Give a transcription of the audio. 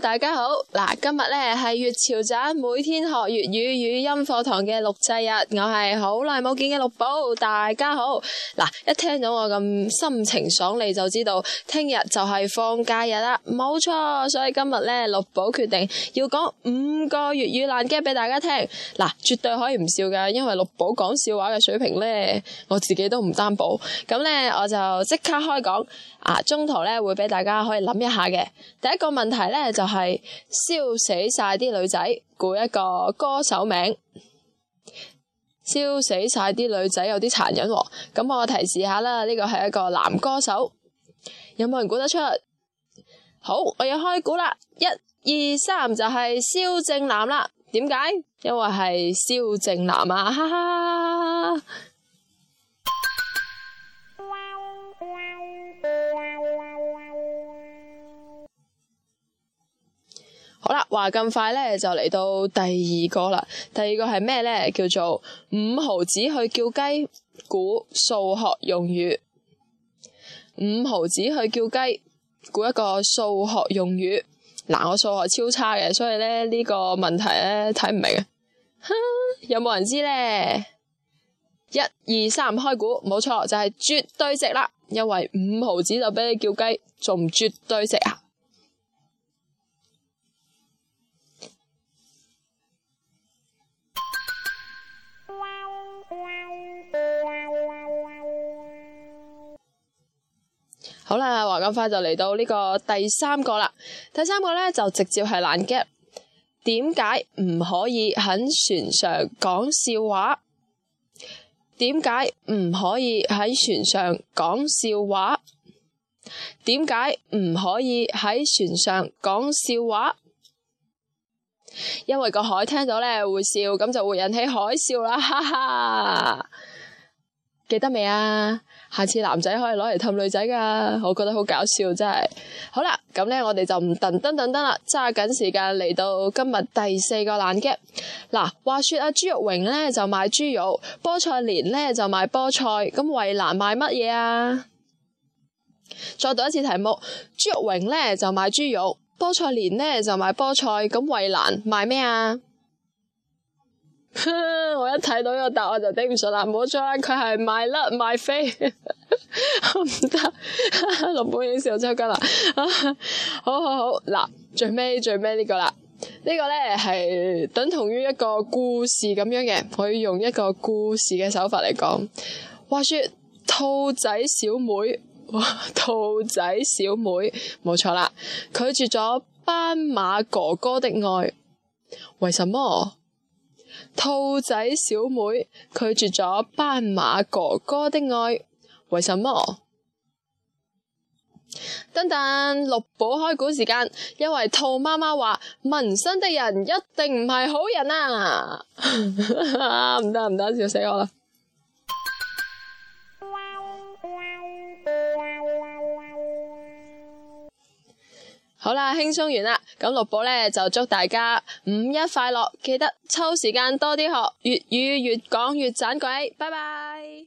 大家好，嗱，今日咧係月潮仔每天學粵語語音課堂嘅錄製日，我係好耐冇見嘅六寶，大家好，嗱，一聽到我咁心情爽利，就知道聽日就係放假日啦，冇錯，所以今日咧六寶決定要講五個粵語爛 gag 俾大家聽，嗱，絕對可以唔笑噶，因為六寶講笑話嘅水平咧，我自己都唔擔保，咁咧我就即刻開講，啊，中途咧會俾大家可以諗一下嘅，第一個問題咧就。係燒死晒啲女仔，估一個歌手名。燒死晒啲女仔有啲殘忍喎，哦，咁我提示下啦，呢個係一個男歌手，有冇人估得出？好，我要開估啦，一二三，就係蕭正楠啦。點解？因為係蕭正楠啊，哈哈。話咁快咧就嚟到第二個啦，第二個係咩咧？叫做五毫子去叫雞估數學用語。五毫子去叫雞估一個數學用語。嗱，我數學超差嘅，所以咧呢個問題咧睇唔明啊。有冇人知咧？一二三開估，冇錯就係絕對值啦，因為五毫子就俾你叫雞，仲唔絕對值啊！好啦，話咁快就嚟到呢個第三個啦。第三個呢，就直接係爛 gag。點解唔可以喺船上講笑話？點解唔可以喺船上講笑話？點解唔可以喺船上講笑話？因為個海聽到呢會笑，咁就會引起海嘯啦！哈哈。記得未啊？下次男仔可以攞嚟氹女仔噶，我覺得好搞笑真係。好啦，咁呢，我哋就唔噔噔噔噔啦，揸緊時間嚟到今日第四個爛 gag 嗱，話說阿豬肉榮呢就賣豬肉，菠菜蓮呢就賣菠菜，咁衛蘭賣乜嘢啊？再讀一次題目，豬肉榮呢就賣豬肉，菠菜蓮呢就賣菠菜，咁衛蘭賣咩啊？ 一睇到呢個答案就頂唔順啦，冇錯啦，佢係賣甩賣飛，唔得，林寶影笑抽筋啦，好好好，嗱，最尾，最尾，這個，呢個啦，呢個咧係等同於一個故事咁樣嘅，可以用一個故事嘅手法嚟講，話說兔仔小妹，兔仔小妹，冇錯啦，拒絕咗斑馬哥哥哥的愛，為什麼？兔仔小妹拒絕咗斑馬哥哥的愛，為什麼？等等，六寶開估時間，因為兔媽媽話紋身的人一定唔係好人啊！唔得唔得，笑死我啦！好啦，輕鬆完啦，咁六寶咧就祝大家五一快樂，記得抽時間多啲學粵語，越講越盞鬼，拜拜。